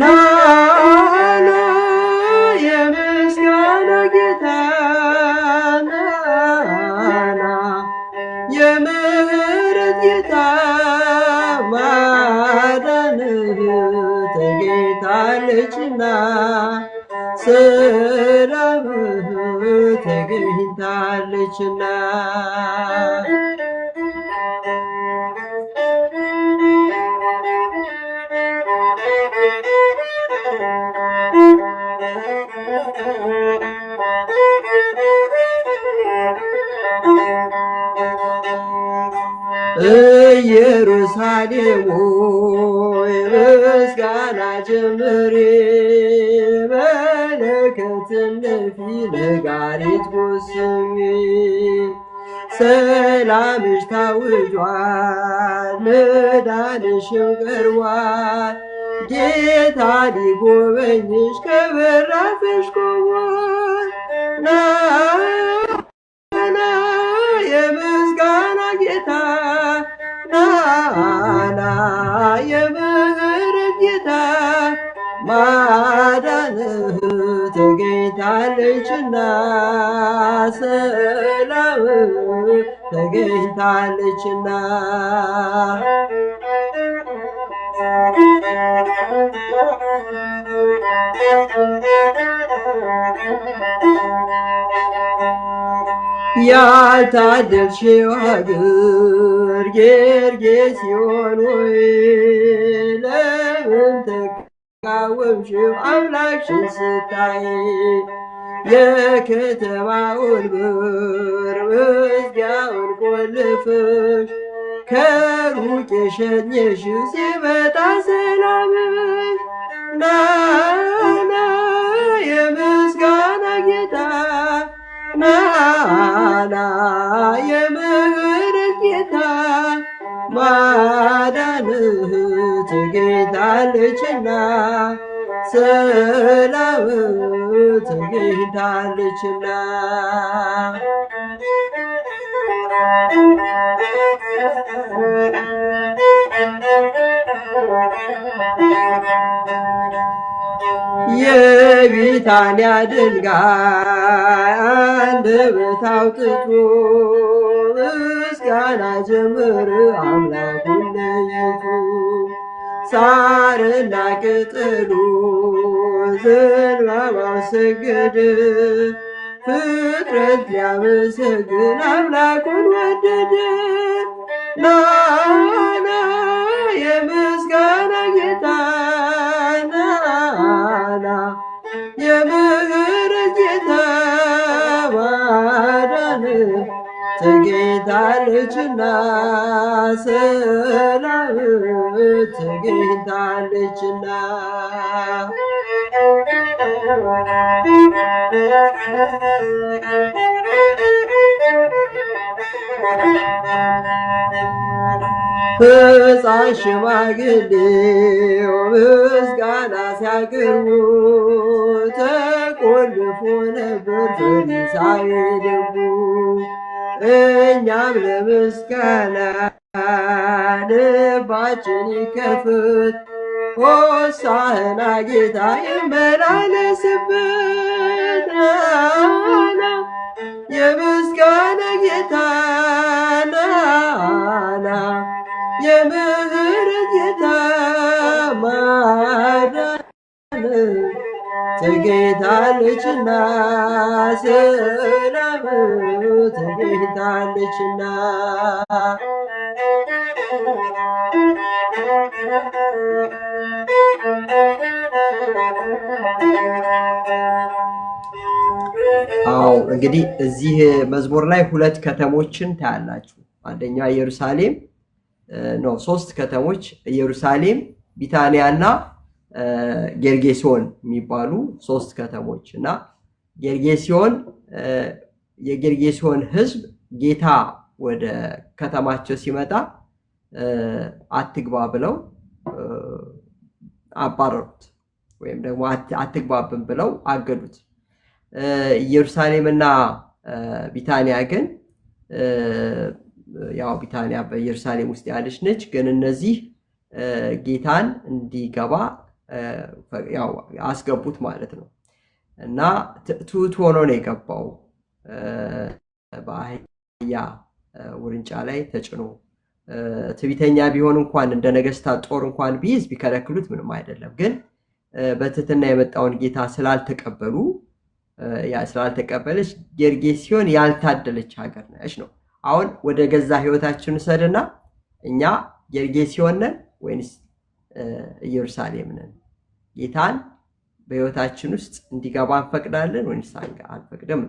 ናሎ የምስጋና ጌታ ናና የምህረት ጌታ ማዳንህ ተገኝታለችና ሰላምህ ተገኝታለችና ኢየሩሳሌም ሆይ ምስጋና ጀምሪ፣ መለከት ነፊ ነጋሪት ጎስሚ ሰላምሽ ታውጇል፣ መዳንሽም ቀርቧል። ጌታ ሊጎበኝሽ ከበራፍሽ ቆሟል። ተገኝታለችና ሰላም ተገኝታለችና ያልታደልሽው ሀገር ጌርጌሲዮን ሆይ ለምን ተቃወምሽው አምላክሽን ስታይ የከተማውን በር መዝጊያውን ቆልፈሽ ከሩቅ የሸኘሽው ሲመጣ ሰላምሽ ናና የምስጋና ጌታ ናና የምህረት ጌታ ማዳንህ ትገኛለችና ሰላምት ሄዳለችና የቢታንያ ድንጋይ አንደበት አውጥቶ ምስጋና ጀምር አምላኩን ለየቱ ሳርና ቅጠሉ ዘንባባው ሰገደ ፍጥረት ሊያመሰግን አምላኩን ወደደ ናና የምስጋ ትገኛለችና ሰላም ትገኝታለችና ሕፃን ሽማግሌው ምስጋና ሲያቀርቡ ተቆልፎ ነበር ፈሪሳዊ ልቡ እኛም ለምስጋና ልባችን ይከፍት። ሆሳዕና ጌታ ይመላለስበት። የምስጋና ጌታ ናና የምስ ትጌታለችና ስለምኑ ትጌታለችና አዎ እንግዲህ እዚህ መዝሙር ላይ ሁለት ከተሞችን ታያላችሁ። አንደኛ ኢየሩሳሌም ነው፣ ሶስት ከተሞች ኢየሩሳሌም፣ እና ጌርጌሲዮን የሚባሉ ሶስት ከተሞች እና ጌርጌሲዮን የጌርጌሲዮን ህዝብ ጌታ ወደ ከተማቸው ሲመጣ አትግባ ብለው አባረሩት፣ ወይም ደግሞ አትግባብን ብለው አገዱት። ና ቢታንያ ግን ያው ቢታንያ በኢየሩሳሌም ውስጥ ያለች ነች። ግን እነዚህ ጌታን እንዲገባ ያው አስገቡት ማለት ነው። እና ትሑት ሆኖ ነው የገባው በአህያ ውርንጫ ላይ ተጭኖ። ትቢተኛ ቢሆን እንኳን እንደ ነገስታት ጦር እንኳን ቢይዝ ቢከለክሉት ምንም አይደለም። ግን በትትና የመጣውን ጌታ ስላልተቀበሉ ስላልተቀበለች ጌርጌ ሲሆን ያልታደለች ሀገር ነች ነው። አሁን ወደ ገዛ ህይወታችን ሰድና እኛ ጌርጌሲዮን ነን ወይንስ ኢየሩሳሌም ነን። ጌታን በህይወታችን ውስጥ እንዲገባ እንፈቅዳለን ወይስ አንፈቅድም?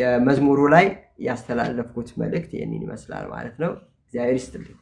የመዝሙሩ ላይ ያስተላለፍኩት መልእክት ይህንን ይመስላል ማለት ነው። እግዚአብሔር ይስጥልኝ።